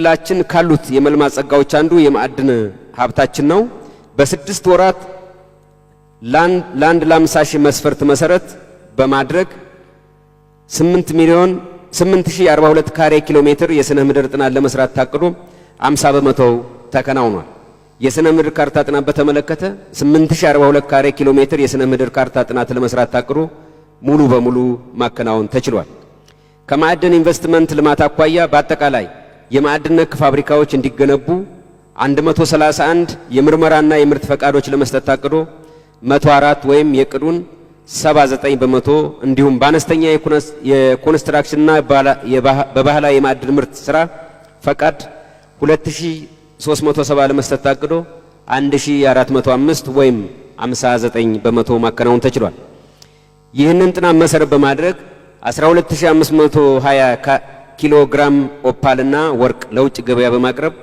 በክልላችን ካሉት የመልማት ጸጋዎች አንዱ የማዕድን ሀብታችን ነው። በስድስት ወራት ለአንድ ለአምሳ ሺህ መስፈርት መሰረት በማድረግ 8 ሚሊዮን 8042 ካሬ ኪሎ ሜትር የስነ ምድር ጥናት ለመስራት ታቅዶ 50 በመቶው ተከናውኗል። የስነ ምድር ካርታ ጥናት በተመለከተ 8042 ካሬ ኪሎ ሜትር የስነ ምድር ካርታ ጥናት ለመስራት ታቅዶ ሙሉ በሙሉ ማከናወን ተችሏል። ከማዕድን ኢንቨስትመንት ልማት አኳያ በአጠቃላይ የማዕድን ነክ ፋብሪካዎች እንዲገነቡ 131 የምርመራና የምርት ፈቃዶች ለመስጠት ታቅዶ 104 ወይም የቅዱን 79 በመቶ እንዲሁም በአነስተኛ የኮንስትራክሽንና በባህላዊ የማዕድን ምርት ስራ ፈቃድ 2370 ለመስጠት ታቅዶ 1405 ወይም 59 በመቶ ማከናወን ተችሏል። ይህንን ጥናት መሰረት በማድረግ 12520 ኪሎ ግራም ኦፓልና ወርቅ ለውጭ ገበያ በማቅረብ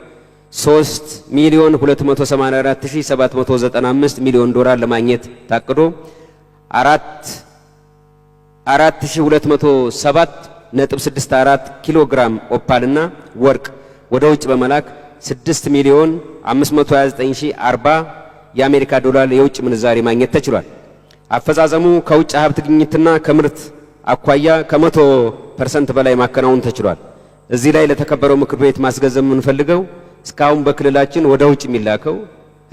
3 ሚሊዮን 284795 ሚሊዮን ዶላር ለማግኘት ታቅዶ 4207.64 ኪሎ ግራም ኦፓልና ወርቅ ወደ ውጭ በመላክ 6 ሚሊዮን 529040 የአሜሪካ ዶላር የውጭ ምንዛሬ ማግኘት ተችሏል። አፈጻጸሙ ከውጭ ሀብት ግኝትና ከምርት አኳያ ከመቶ ፐርሰንት በላይ ማከናወን ተችሏል። እዚህ ላይ ለተከበረው ምክር ቤት ማስገንዘብ የምንፈልገው እስካሁን በክልላችን ወደ ውጭ የሚላከው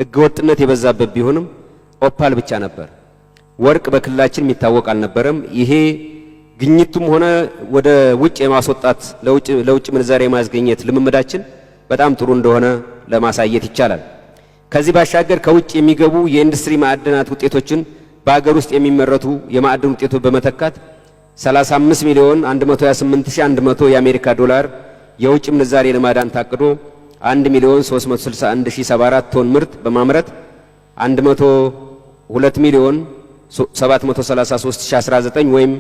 ሕገ ወጥነት የበዛበት ቢሆንም ኦፓል ብቻ ነበር። ወርቅ በክልላችን የሚታወቅ አልነበረም። ይሄ ግኝቱም ሆነ ወደ ውጭ የማስወጣት ለውጭ ምንዛሬ የማስገኘት ልምምዳችን በጣም ጥሩ እንደሆነ ለማሳየት ይቻላል። ከዚህ ባሻገር ከውጭ የሚገቡ የኢንዱስትሪ ማዕድናት ውጤቶችን በሀገር ውስጥ የሚመረቱ የማዕድን ውጤቶች በመተካት 35 ሚሊዮን 128100 የአሜሪካ ዶላር የውጭ ምንዛሬ ለማዳን ታቅዶ 1 ሚሊዮን 361074 ቶን ምርት በማምረት 102 ሚሊዮን 733019 ወይም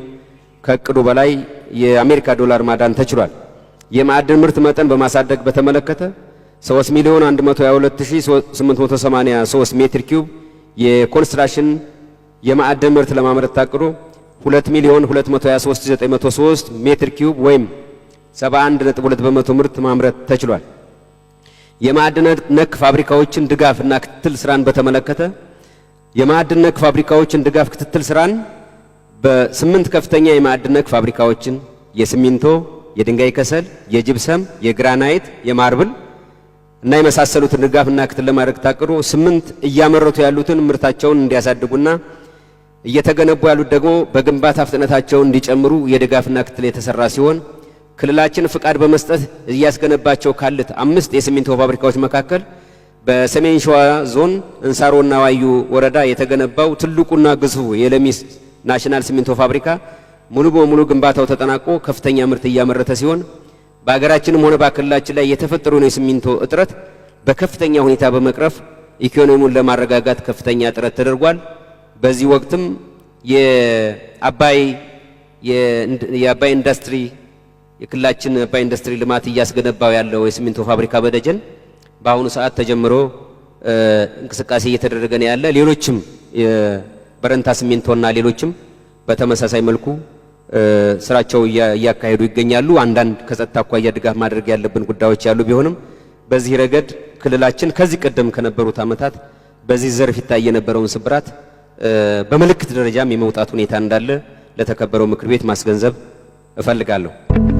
ከእቅዱ በላይ የአሜሪካ ዶላር ማዳን ተችሏል። የማዕድን ምርት መጠን በማሳደግ በተመለከተ 3 ሚሊዮን 122883 ሜትር ኪዩብ የኮንስትራክሽን የማዕድን ምርት ለማምረት ታቅዶ 2 ሚሊዮን 223903 ሜትር ኪዩብ ወይም 71.2 በመቶ ምርት ማምረት ተችሏል። የማዕድን ነክ ፋብሪካዎችን ድጋፍ እና ክትትል ስራን በተመለከተ የማዕድን ነክ ፋብሪካዎችን ድጋፍ ክትትል ስራን በስምንት ከፍተኛ የማዕድን ነክ ፋብሪካዎችን የሲሚንቶ፣ የድንጋይ ከሰል፣ የጅብሰም፣ የግራናይት፣ የማርብል እና የመሳሰሉትን ድጋፍ እና ክትትል ለማድረግ ታቅዶ ስምንት እያመረቱ ያሉትን ምርታቸውን እንዲያሳድጉና እየተገነቡ ያሉት ደግሞ በግንባታ ፍጥነታቸውን እንዲጨምሩ የድጋፍና ክትል የተሰራ ሲሆን ክልላችን ፍቃድ በመስጠት እያስገነባቸው ካሉት አምስት የሲሚንቶ ፋብሪካዎች መካከል በሰሜን ሸዋ ዞን እንሳሮና ዋዩ ወረዳ የተገነባው ትልቁና ግዙፉ የለሚስ ናሽናል ሲሚንቶ ፋብሪካ ሙሉ በሙሉ ግንባታው ተጠናቆ ከፍተኛ ምርት እያመረተ ሲሆን በሀገራችንም ሆነ በክልላችን ላይ የተፈጠረውን የሲሚንቶ እጥረት በከፍተኛ ሁኔታ በመቅረፍ ኢኮኖሚውን ለማረጋጋት ከፍተኛ ጥረት ተደርጓል። በዚህ ወቅትም የአባይ ኢንዱስትሪ የክልላችን አባይ ኢንዱስትሪ ልማት እያስገነባው ያለው የሲሚንቶ ፋብሪካ በደጀን በአሁኑ ሰዓት ተጀምሮ እንቅስቃሴ እየተደረገ ነው ያለ። ሌሎችም በረንታ ሲሚንቶና ሌሎችም በተመሳሳይ መልኩ ስራቸው እያካሄዱ ይገኛሉ። አንዳንድ ከጸጥታ አኳያ ድጋፍ ማድረግ ያለብን ጉዳዮች ያሉ ቢሆንም በዚህ ረገድ ክልላችን ከዚህ ቀደም ከነበሩት ዓመታት በዚህ ዘርፍ ይታይ የነበረውን ስብራት በምልክት ደረጃም የመውጣት ሁኔታ እንዳለ ለተከበረው ምክር ቤት ማስገንዘብ እፈልጋለሁ።